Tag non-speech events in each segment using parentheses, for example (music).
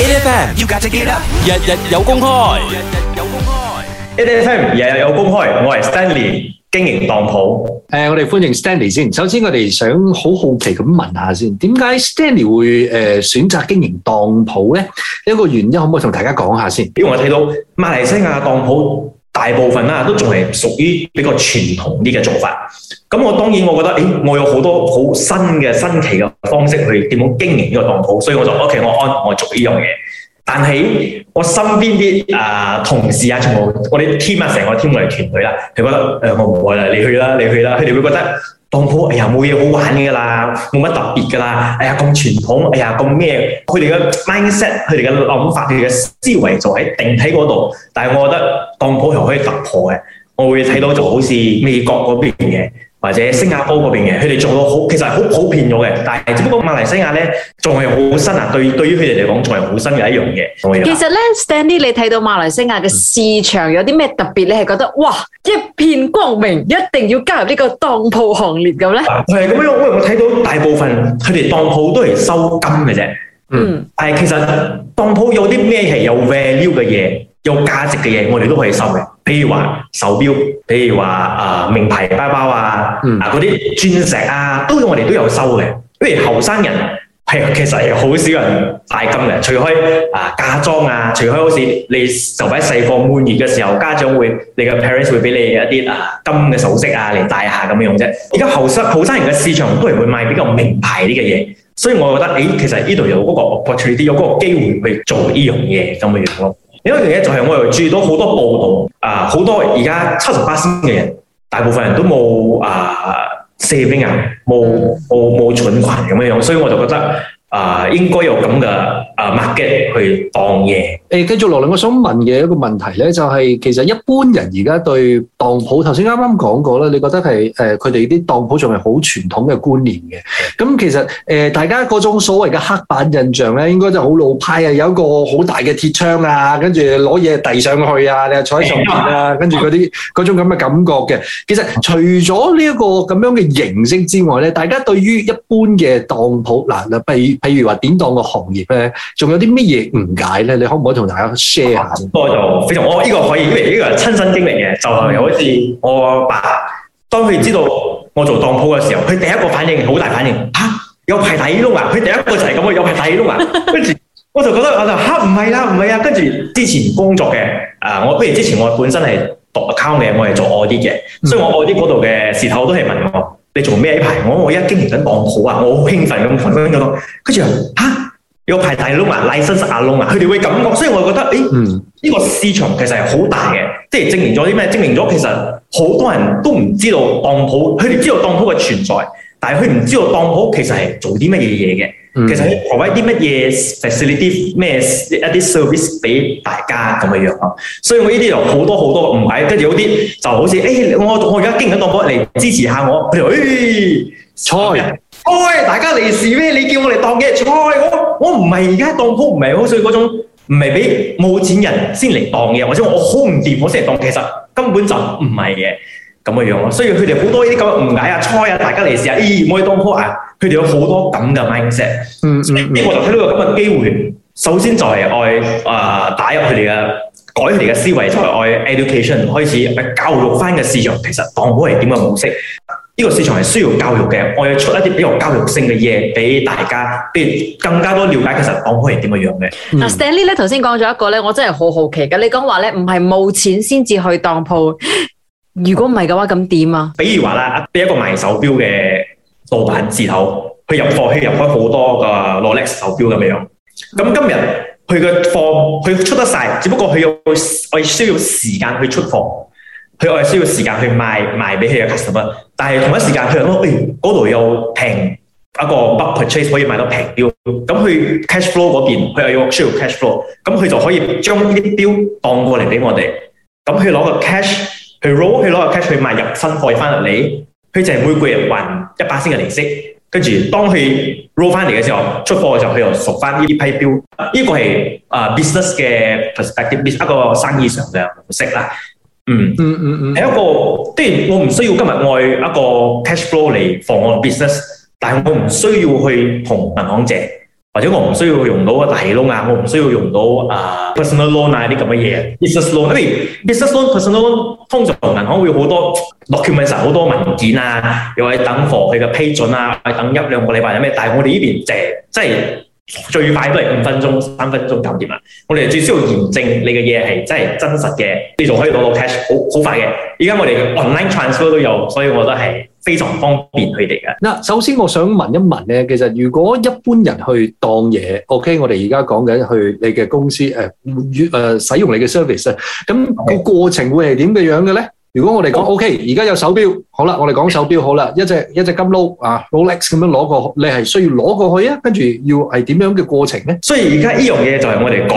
A. F. M. 要架只機啦，日日有公開，日日有公開，A. F. M. 日日有公開。我係 Stanley 經營當鋪，誒，我哋歡迎 Stanley 先。首先，我哋想好好奇咁問下先，點解 Stanley 會誒選擇經營當鋪呢？一個原因可唔可以同大家講下先？因為我睇到馬來西亞嘅當鋪。大部分啦，都仲係屬於比較傳統啲嘅做法。咁我當然我覺得，誒，我有好多好新嘅新奇嘅方式去點樣經營呢個當鋪，所以我就 O、okay, K，我按我做呢樣嘢。但係我身邊啲啊、呃、同事啊，全部我啲 team 啊，成個 team 嚟團隊啦，佢覺得誒、呃，我唔愛啦，你去啦，你去啦，佢哋會覺得。當鋪，哎呀，冇嘢好玩噶啦，冇乜特別噶啦，哎呀咁傳統，哎呀咁咩，佢哋嘅 mindset，佢哋嘅諗法，佢哋嘅思維就喺定喺嗰度。但係我覺得當鋪係可以突破嘅，我會睇到就好似美國嗰邊嘅。或者新加坡嗰邊嘅，佢哋做到好，其實係好普遍咗嘅。但係只不過馬來西亞咧，仲係好新啊！對，對於佢哋嚟講，仲係好新嘅一樣嘢。其實咧，Stanley，你睇到馬來西亞嘅市場有啲咩特別？你係覺得哇，一片光明，一定要加入呢個當鋪行列咁咧？係咁樣，因為我睇到大部分佢哋當鋪都係收金嘅啫。嗯，係、嗯、其實當鋪有啲咩係有 value 嘅嘢，有價值嘅嘢，我哋都可以收嘅。譬如話手錶，譬如話啊名牌包包啊，嗯、啊嗰啲鑽石啊，都我哋都有收嘅。因為後生人係其實係好少人戴金嘅，除開啊嫁妝啊，除開好似你就喺細個滿月嘅時候，家長會你嘅 parents 會俾你一啲啊金嘅首飾啊嚟戴下咁樣啫。而家後生後生人嘅市場都係會賣比較名牌啲嘅嘢，所以我覺得誒、欸，其實呢度有嗰個 opportunity，有嗰個機會去做呢樣嘢咁嘅樣咯。有一樣嘢就係我又注意到好多報道啊，好多而家七十八歲嘅人，大部分人都冇啊社保啊，冇冇冇存款咁樣樣，所以我就覺得。啊，應該有咁嘅啊 market 去當嘢。誒，繼續羅琳，我想問嘅一個問題咧，就係其實一般人而家對當鋪，頭先啱啱講過啦。你覺得係誒佢哋啲當鋪仲係好傳統嘅觀念嘅？咁其實誒，大家嗰種所謂嘅黑板印象咧，應該就好老派啊，有一個好大嘅鐵窗啊，跟住攞嘢遞上去啊，你坐喺上面啊，跟住嗰啲嗰種咁嘅感覺嘅。其實除咗呢一個咁樣嘅形式之外咧，大家對於一般嘅當鋪嗱，譬如譬如話典當個行業咧，仲有啲乜嘢誤解咧？你可唔可以同大家 share 下？不過就非常，我呢個可以，因為呢個係親身經歷嘅。就係好似我阿爸當佢知道我做當鋪嘅時候，佢第一個反應好大反應，吓，有排大耳窿啊！佢第一個就係咁嘅，有排大耳窿啊！跟住 (laughs) 我就覺得我就吓，唔係啦，唔係啊，啊，啊！跟住之前工作嘅啊，我不如之前我本身係讀 account 嘅，我係做外啲嘅，所以我外啲嗰度嘅事頭我都係問我。你做咩一排？我我一經營緊當鋪啊，我好興奮咁，紛紛咁，跟住啊，有排大佬啊，賴新石阿龍啊，佢哋會感覺，所以我覺得，誒，呢個市場其實係好大嘅。即係證明咗啲咩？證明咗其實好多人都唔知道當鋪，佢哋知道當鋪嘅存在，但係佢唔知道當鋪其實係做啲乜嘢嘢嘅。嗯、其實你華為啲乜嘢 facility 咩一啲 service 俾大家咁樣樣咯，所以我呢啲又好多好多唔係跟住有啲就好似誒、欸、我我而家經緊當鋪嚟，支持下我，佢、哎、誒菜菜、哎、大家利是咩？你叫我嚟當嘅？菜，我我唔係而家當鋪唔係好，所以嗰種唔係俾冇錢人先嚟當嘅，或者我好唔掂我先嚟當，其實根本就唔係嘅。咁嘅樣咯，所以佢哋好多呢啲咁嘅誤解啊、猜啊，大家嚟試下。咦，唔可以當鋪啊！佢、欸、哋、啊、有好多咁嘅 mindset，呢呢我就睇到個咁嘅機會。首先就係愛啊，打入佢哋嘅改佢哋嘅思維，就係愛 education 開始教育翻個市場。其實當鋪係點嘅模式？呢、這個市場係需要教育嘅，我要出一啲比較教育性嘅嘢俾大家，俾更加多了解其實當鋪係點嘅樣嘅。阿、嗯、Stanley 咧，頭先講咗一個咧，我真係好好奇嘅。你講話咧，唔係冇錢先至去當鋪。如果唔係嘅話，咁點啊？比如話啦，一個賣手表嘅老闆字頭佢入貨，佢入開好多個勞力士手表咁樣。咁今日佢嘅貨佢出得晒，只不過佢要我需要時間去出貨，佢我哋需要時間去賣賣俾佢嘅 customer。但係同一時間佢又諗，誒，嗰度又平一個 bulk purchase 可以買到平表。咁佢 cash flow 嗰邊佢又要需要 cash flow，咁佢就可以將啲表當過嚟俾我哋。咁佢攞個 cash。佢 roll 佢攞個 cash 佢賣入新貨入翻嚟，佢就係每個月還一百千嘅利息，跟住當佢 roll 翻嚟嘅時候出貨嘅時候，佢又贖翻呢啲批標，呢個係啊 business 嘅 perspective，一個生意上嘅模式啦。嗯嗯嗯嗯，係、嗯嗯嗯、一個，雖然我唔需要今日愛一個 cash flow 嚟防我 business，但係我唔需要去同銀行借。或者我唔需要用到個大耳窿啊，我唔需要用到、uh, personal loan 啊這些東西 loan, loan, personal loan 啊啲咁嘅嘢 business loan 嗱 personal loan 通常銀行會好多 document 好多文件啊，又係等候，佢嘅批准啊，等一兩個禮拜有咩？但係我哋呢邊就即係最快都係五分鐘、三分鐘搞掂啦。我哋最需要驗證你嘅嘢係真係真實嘅，你仲可以攞到 cash，好好快嘅。而家我哋 online transfer 都有，所以我覺得係。非常方便佢哋嘅。嗱，首先我想問一問咧，其實如果一般人去當嘢，OK，我哋而家講緊去你嘅公司誒，越誒使用你嘅 service，咁個過程會係點嘅樣嘅咧？如果我哋講 OK，而家有手錶，好啦，我哋講手錶好啦，一隻一隻金撈啊，Rolex 咁樣攞過，你係需要攞過去啊？跟住要係點樣嘅過程咧？所以而家呢樣嘢就係我哋改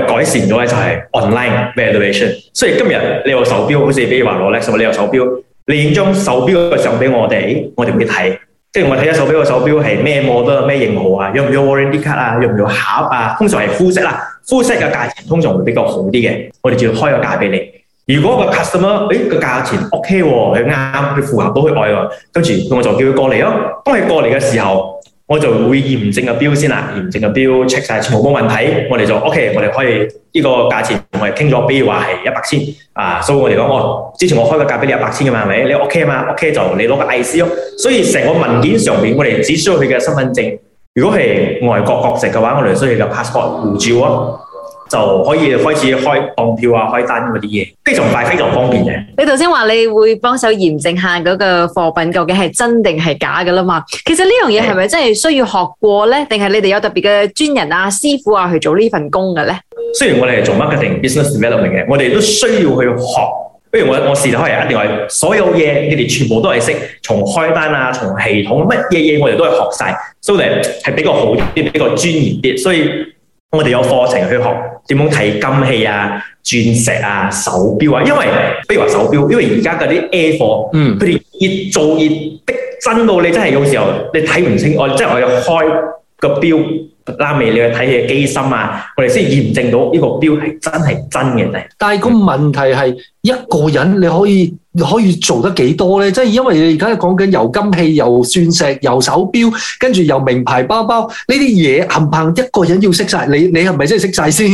改改善咗，就係 online valuation。所以今日你有手錶好似比如話 Rolex，什麼你有手錶？你影張手表嘅相俾我哋，我哋會睇。即係我睇下手表個手表係咩模啊，咩型號啊，用唔用 warranty card 啊，要唔要，要，要盒啊？通常係 full set 啦，full set 嘅價錢通常會比較好啲嘅。我哋就要開個價俾你。如果個 customer 誒個價錢 ok 喎，啊，佢啱，佢符合到佢愛喎，跟住我就叫佢過嚟咯。當佢過嚟嘅時候。我就會驗證個表先啦，驗證個表 check 曬全部冇問題，我哋就 O、OK, K，我哋可以呢、這個價錢我哋傾咗，比如話係一百千，啊，所以我哋講我之前我開個價畀你一百千㗎嘛，係咪？你 O K 啊嘛，O K 就你攞個 IC 咯，所以成個文件上面，我哋只需要佢嘅身份證，如果係外國國籍嘅話，我哋需要佢嘅 passport 護照咯、啊。就可以開始開當票啊、開單嗰啲嘢，非常快、非常方便嘅。你頭先話你會幫手驗證下嗰個貨品究竟係真定係假嘅啦嘛？其實呢樣嘢係咪真係需要學過咧？定係你哋有特別嘅專人啊、師傅啊去做呢份工嘅咧？雖然我哋係做 marketing business development 嘅，我哋都需要去學。不如我我試下開一定係所有嘢你哋全部都係識，從開單啊，從系統乜嘢嘢我哋都係學晒。所以係比較好啲、比較專業啲，所以。我哋有課程去學點樣睇金器啊、鑽石啊、手錶啊，因為比如話手錶，因為而家嗰啲 A 貨，嗯，佢哋越做越逼真到你真係有時候你睇唔清我，就是、我即係我要開個錶。拉尾你去睇你嘅機芯啊，我哋先驗證到呢個表係真係真嘅嚟。但係個問題係一個人你可以可以做得幾多咧？即係因為你而家講緊又金器、又鑽石、又手表，跟住又名牌包包呢啲嘢，冚唪唥一個人要識晒，你你係咪真係識晒先？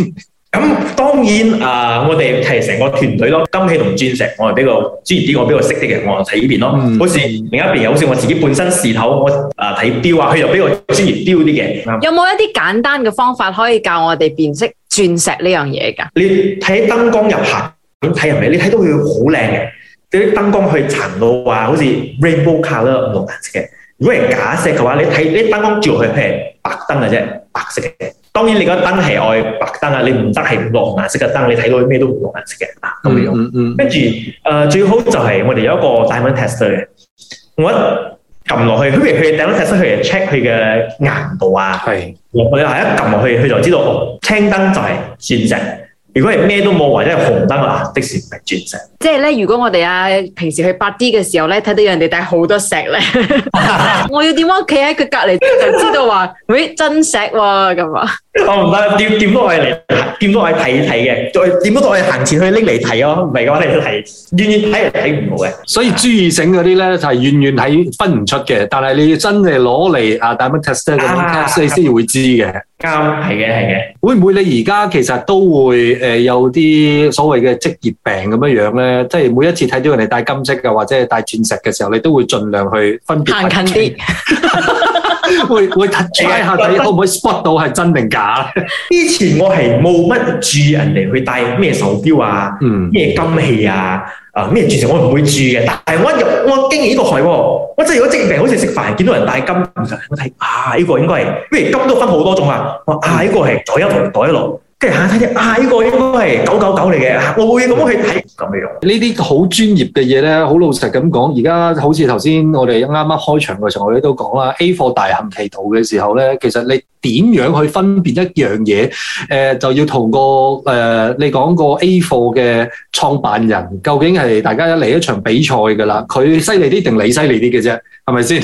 咁當然啊、呃，我哋係成個團隊咯。金器同鑽石，我係比較專業啲，我比較識啲嘅，我就睇呢邊咯。好似、嗯、另一邊好似我自己本身視頭，我啊睇錶啊，佢又比較專業錶啲嘅。嗯、有冇一啲簡單嘅方法可以教我哋辨識鑽石呢樣嘢㗎？你睇燈光入行，睇入嚟，你睇到佢好靚嘅嗰啲燈光去層到啊，好似 rainbow colour 都唔同顏色嘅。如果係假石嘅話，你睇呢啲燈光照譬如白燈嘅啫，白色嘅。當然你個燈係愛白燈啊，你唔得係黃顏色嘅燈，你睇到咩都黃顏色嘅啊咁樣，跟住、嗯嗯嗯呃、最好就係我哋有一個 Diamond tester，我一撳落去，佢佢 Diamond tester 佢嚟 check 佢嘅硬度啊，是我我係一撳落去，佢就知道青燈就係鑽石。如果係咩都冇或者係紅燈啊，的確唔係鑽石。即係咧，如果我哋啊平時去八 D 嘅時候咧，睇到有人哋戴好多石咧， (laughs) (laughs) 我要點樣企喺佢隔離就知道話，喂、哎、真石喎咁啊！我唔得，掂掂都係嚟，掂都係睇睇嘅，再掂都都係行前去拎嚟睇咯，唔係嘅話你都係遠遠睇人睇唔到嘅。所以鑽石嗰啲咧，係遠遠喺分唔出嘅，但係你要真係攞嚟啊戴乜 tester 咁樣 test，你先至會知嘅。啱，係嘅係嘅。會唔會你而家其實都會誒有啲所謂嘅職業病咁樣樣咧？即係每一次睇到人哋戴金飾嘅或者係戴鑽石嘅時候，你都會盡量去分別近啲，會會睇下睇可唔可以 spot 到係真定假？之前我係冇乜注意人哋去戴咩手錶啊，咩金器啊，啊咩鑽石我唔會注意嘅，但係我又我經營呢個我真係如果職業病，好似食飯見到人戴金其實我睇啊呢個，應該係，因為金都分好多種啊，我說啊呢個係台銀台銀。即係睇下，呢、啊這個應該係九九九嚟嘅，嗯、我會咁去睇咁嘅用。呢啲好專業嘅嘢咧，好老實咁講，而家好似頭先我哋啱啱開場嘅時候，我哋都講啦，A 貨大行其道嘅時候咧，其實你點樣去分辨一樣嘢？誒、呃，就要同個誒、呃，你講個 A 貨嘅創辦人究竟係大家一嚟一場比賽㗎啦，佢犀利啲定你犀利啲嘅啫，係咪先？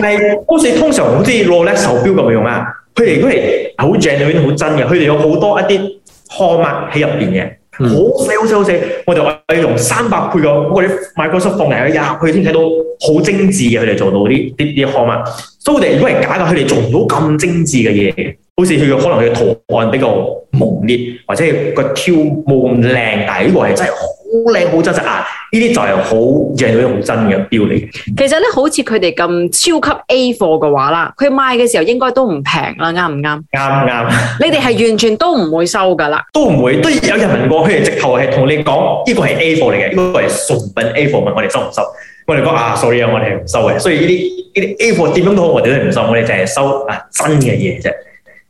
係 (laughs) 好似通常好似 Rolex 手錶咁樣用啊！ (laughs) (laughs) 佢哋如果係好 genuine 好真嘅，佢哋有好多一啲刻紋喺入邊嘅，好細好細好細。我哋我係用三百倍嘅嗰啲 microscope 放入去呀，佢先睇到好精緻嘅，佢哋做到啲啲啲刻紋。所以佢哋如果係假嘅，佢哋做唔到咁精緻嘅嘢。好似佢嘅可能佢嘅圖案比較蒙烈，或者個跳冇咁靚。但係呢個係真。好靚好真實啊！呢啲就係好靚到好真嘅表嚟。其實咧，好似佢哋咁超級 A 貨嘅話啦，佢賣嘅時候應該都唔平啦，啱唔啱？啱唔啱。嗯嗯、你哋係完全都唔會收噶啦。都唔會，都有人問過佢哋直頭係同你講呢個係 A 貨嚟嘅，呢個係純品 A 貨，問我哋收唔收？我哋講啊，sorry 啊，sorry，我哋唔收嘅。所以呢啲呢啲 A 貨點樣都好，我哋都唔收。我哋淨係收啊真嘅嘢啫。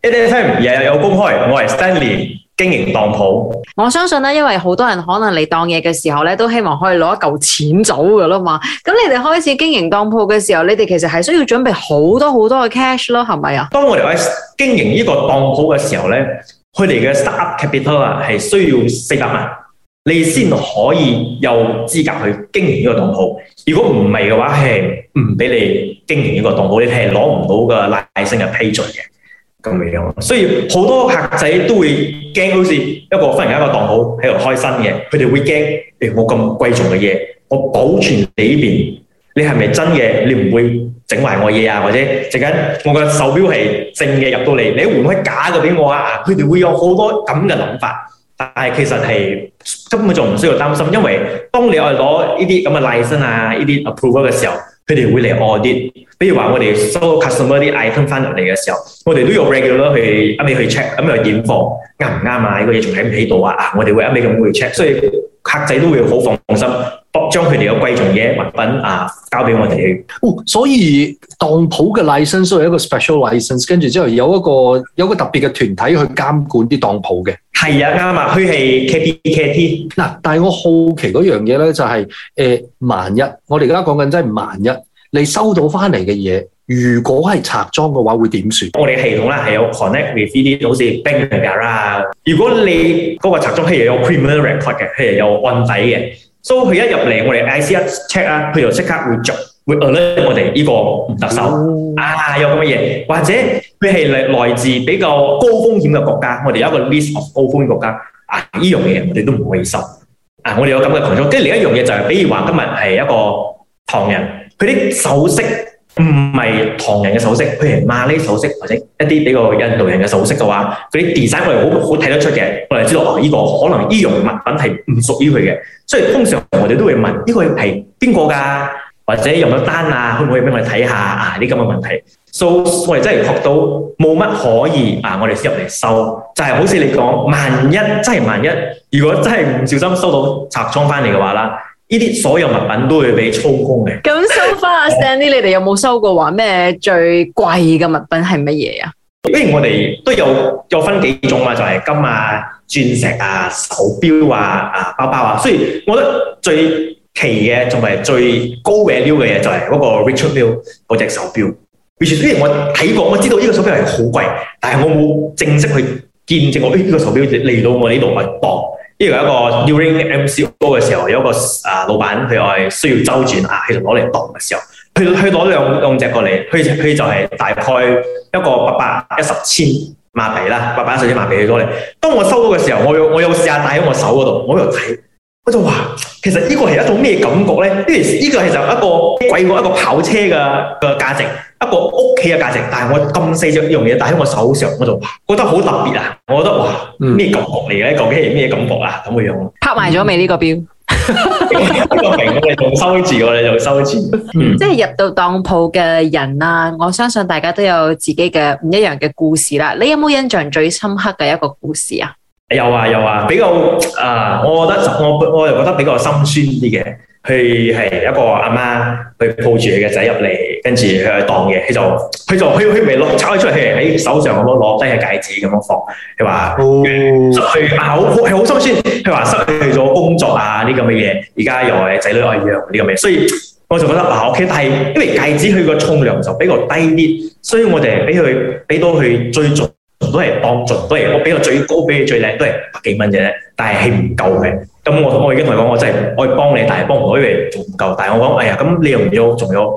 It time，日日有公開，我係 Stanley。經營當鋪，我相信咧，因為好多人可能你當嘢嘅時候咧，都希望可以攞一嚿錢走噶啦嘛。咁你哋開始經營當鋪嘅時候，你哋其實係需要準備好多好多嘅 cash 咯，係咪啊？當我哋喺經營呢個當鋪嘅時候咧，佢哋嘅 startup capital 啊係需要四百萬，你先可以有資格去經營呢個當鋪。如果唔係嘅話，係唔俾你經營呢個當鋪，你係攞唔到個 license 嘅批准嘅。咁未有，所以好多客仔都會驚，好似一個忽然間一個檔口喺度開新嘅，佢哋會驚，誒我咁貴重嘅嘢，我保存你呢邊，你係咪真嘅？你唔會整壞我嘢啊？或者陣間我個手錶係正嘅入到嚟，你換開假嘅畀我啊？佢哋會有好多咁嘅諗法，但係其實係根本就唔需要擔心，因為當你去攞呢啲咁嘅 license 啊，呢啲 approval 嘅時候。佢哋會嚟 audit，比如話我哋收個 customer 啲 item 翻落嚟嘅時候，我哋都有 regular 去一齊去 check，一齊去點貨，啱唔啱啊？呢、這個嘢仲喺唔喺度啊？我哋會一齊咁去 check，所以客仔都會好放心。將佢哋有貴重嘅物品啊交俾我哋。哦，所以當鋪嘅 license 都係一個 special license，跟住之後有一個有一個特別嘅團體去監管啲當鋪嘅。係啊，啱啊，佢係 KPKT。嗱，但係我好奇嗰樣嘢咧，就係、是、誒、呃，萬一我哋而家講緊真係萬一你收到翻嚟嘅嘢，如果係拆裝嘅話，會點算？我哋系統咧係有 connect with 啲好似 bingara，如果你嗰個拆裝係有 criminal record 嘅，係有案底嘅。所以佢一入嚟，我哋 I C 一 check 啊，佢就即刻會逐會 alert 我哋呢個特首啊，有咁嘅嘢，或者佢係嚟來自比較高風險嘅國家，我哋有一個 list of 高風險國家啊，呢樣嘢我哋都唔可以收啊，我哋有咁嘅羣組。跟住另一樣嘢就係、是，比如話今日係一個唐人，佢啲首飾。唔係唐人嘅首飾，譬如瑪呢首飾或者一啲比較印度人嘅首飾嘅話，佢啲 design 我哋好好睇得出嘅，我哋知道啊，依、這個可能醫用物品係唔屬於佢嘅，所以通常我哋都會問呢、這個係邊個㗎，或者用咗單會會啊，可唔可以俾我哋睇下啊？啲咁嘅問題，收、so, 我哋真係學到冇乜可以啊！我哋先入嚟收，就係、是、好似你講，萬一真係萬一，如果真係唔小心收到賊贓翻嚟嘅話啦。呢啲所有物品都會俾粗工嘅。咁收翻阿 Stanley，你哋有冇收過話咩最貴嘅物品係乜嘢啊？誒，我哋都有有分幾種嘛，就係、是、金啊、鑽石啊、手錶啊、啊包包啊。雖然我覺得最奇嘅仲係最高 value 嘅嘢，就係嗰個 Richard Mille 嗰隻手錶。Richard，雖然我睇過，我知道呢個手錶係好貴，但係我冇正式去見證過呢個手錶嚟到我呢度嚟當。呢個有一個 during MCO 嘅時候，有一個老闆佢又係需要周轉啊，佢攞嚟當嘅時候，佢佢攞兩兩隻過嚟，佢就係大概一個八百一十千馬幣啦，八百一十千馬幣嘅過嚟。當我收到嘅時候，我有我試下戴喺我手嗰度，我有睇。就話，其實呢個係一種咩感覺咧？呢呢個係就一個貴過一個跑車嘅嘅價值，一個屋企嘅價值。但係我咁細隻一樣嘢戴喺我手上，我就覺得好特別啊！我覺得哇，咩感覺嚟嘅？究竟係咩感覺啊？咁嘅樣，拍埋咗未呢個表？呢個我哋仲收住，我哋仲收住。即係入到當鋪嘅人啊，我相信大家都有自己嘅唔一樣嘅故事啦。你有冇印象最深刻嘅一個故事啊？有啊有啊，比較啊，呃，我覺得我我又覺得比較心酸啲嘅，佢係一個阿媽，媽，佢抱住佢嘅仔入嚟，跟住佢去當嘢。佢就佢就佢佢咪攞拆咗出嚟，喺手上攞攞低個戒指咁樣放，佢話失去啊好佢好心酸，佢話失去咗工作啊呢咁嘅嘢，而家又係仔女愛一樣呢咁嘅，所以我就覺得嗱 OK，但係因為戒指佢個重量就比較低啲，所以我哋俾佢俾到佢追逐。都係當盡，都係我俾個最高，俾你最靚，都係百幾蚊啫。但係係唔夠嘅，咁我我已經同佢講，我真係可以幫你，但係幫唔到，因為仲唔夠。但係我講，哎呀，咁你又唔要，仲有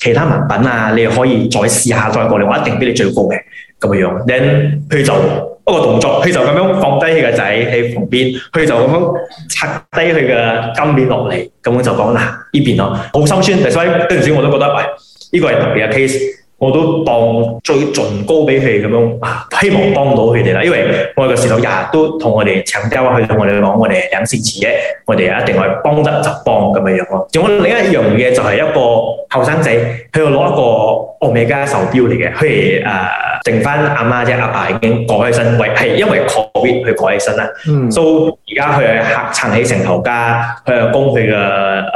其他物品啊？你又可以再試下再過嚟，我一定俾你最高嘅咁嘅樣。Then 佢就一、個動作，佢就咁樣放低佢個仔喺旁邊，佢就咁樣拆低佢嘅金鏈落嚟，咁樣就講啦呢邊咯，好、呃、心酸。所以今次我都覺得喂，呢、哎這個係特別嘅 case。我都當最盡高俾佢咁樣，希望幫到佢哋啦。因為我個時候日日都同我哋長交，去同我哋講，我哋兩線事業，我哋一定係幫得就幫咁樣樣咯。仲有另外一樣嘢就係一個後生仔，佢又攞一個奧美加手錶嚟嘅。佢誒、呃、剩翻阿媽即係阿爸已經過咗身，為係因為 coronavirus 佢過咗身啦。到而家佢係撐起成頭家，佢供佢嘅誒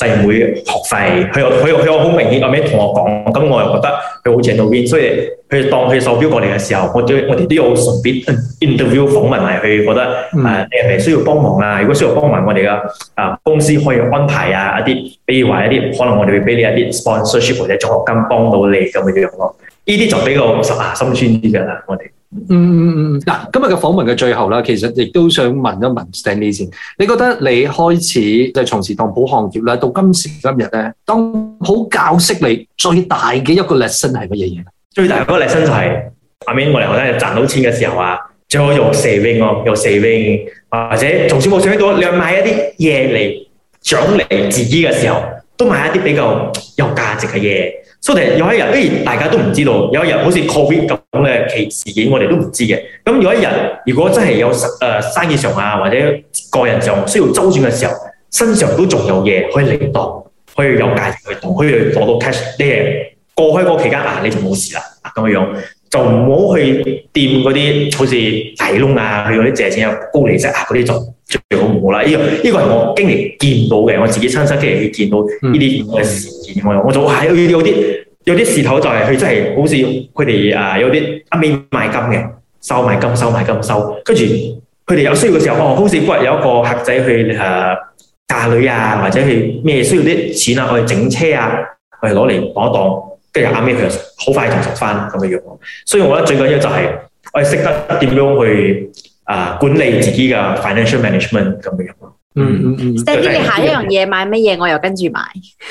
細妹學費。佢又佢又佢好明顯跟，阿媽同我講，咁我又覺得。佢好正到邊，所以佢當佢受標過嚟嘅時候，我我哋都有順便 interview 訪問埋佢，覺得誒，你係咪需要幫忙啊？如果需要幫忙，我哋嘅啊公司可以安排啊一啲，比如話一啲可能我哋會俾你一啲 sponsorship 或者助學金幫到你咁嘅樣咯。呢啲就比較實下心酸啲嘅啦，我哋。嗯嗯嗯，嗱，今日嘅訪問嘅最後啦，其實亦都想問一問 Stanley 先，你覺得你開始就從事當鋪行業啦，到今時今日咧，當鋪教識你最大嘅一個 lesson 係乜嘢嘢？最大嗰個 lesson 就係阿 Min 我哋覺得賺到錢嘅時候啊，最好有 saving 哦，要 saving，或者從小冇想到你買一啲嘢嚟獎勵自己嘅時候。都買一啲比較有價值嘅嘢，所以有一日，大家都唔知道，有一日好似 Covid 咁嘅事件我們，我哋都唔知嘅。咁如果一日，如果真係有生意上啊，或者個人上需要周轉嘅時候，身上都仲有嘢可以嚟當，可以有價值去當，可以去當到 cash。你過開嗰期間啊，你就冇事啦，咁樣。就唔好去掂嗰啲好似大窿啊，去嗰啲借錢有高利息啊嗰啲就最好唔好啦。依、這個依、這個係我經歷見到嘅，我自己親身經歷去見到呢啲嘅事件我，嗯、我就係，哎、有啲有啲事頭就係佢真係好似佢哋啊有啲一面賣金嘅收賣金，收賣金，收，賣金收，跟住佢哋有需要嘅時候，哦、啊，好似嗰日有一個客仔去誒，呃、嫁女啊，或者去咩需要啲錢啊，我哋整車啊，我哋攞嚟當一當。即係阿 m a 好快成熟翻咁嘅樣，所以我覺得最緊要就係我哋識得點樣去啊管理自己嘅 financial management 咁嘅樣。嗯嗯嗯 s t 你，這個，下一樣嘢，買乜嘢，我又跟住買。 (laughs)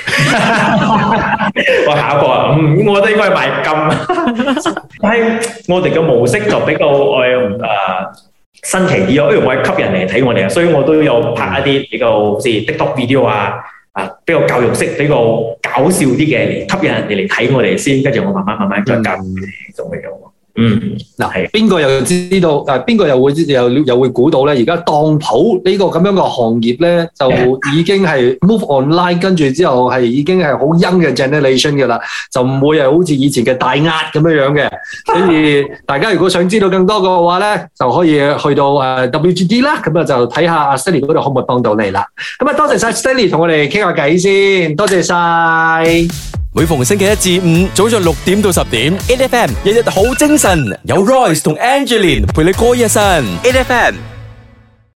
(laughs) 我下一個啊，嗯，我覺得應該買金。係我哋嘅模式就比較我啊，嗯，新奇啲咯，因為我要吸引嚟睇我哋啊，所以我都有拍一啲比較即係 TikTok video 啊。比較教育式，比較搞笑啲嘅，吸引人哋嚟睇我哋先，跟住我慢慢慢慢再教呢種嘅。嗯，嗱係，邊個又知道？誒，邊個又會又又會估到咧？而家當舖呢個咁樣嘅行業咧，就已經係 move online，跟住之後係已經係好 new 嘅 generation 嘅啦，就唔會係好似以前嘅大壓咁樣樣嘅。所以大家如果想知道更多嘅話咧，就可以去到誒 WGD 啦，咁啊就睇下阿 Stanley 嗰度可唔可以幫到你啦。咁啊多謝晒 Stanley 同我哋傾下偈先，多謝晒。每逢星期一至五，早上六點到十點，八 FM，日日好精神，有 Royce 同 Angeline 陪你過一晨，八 FM。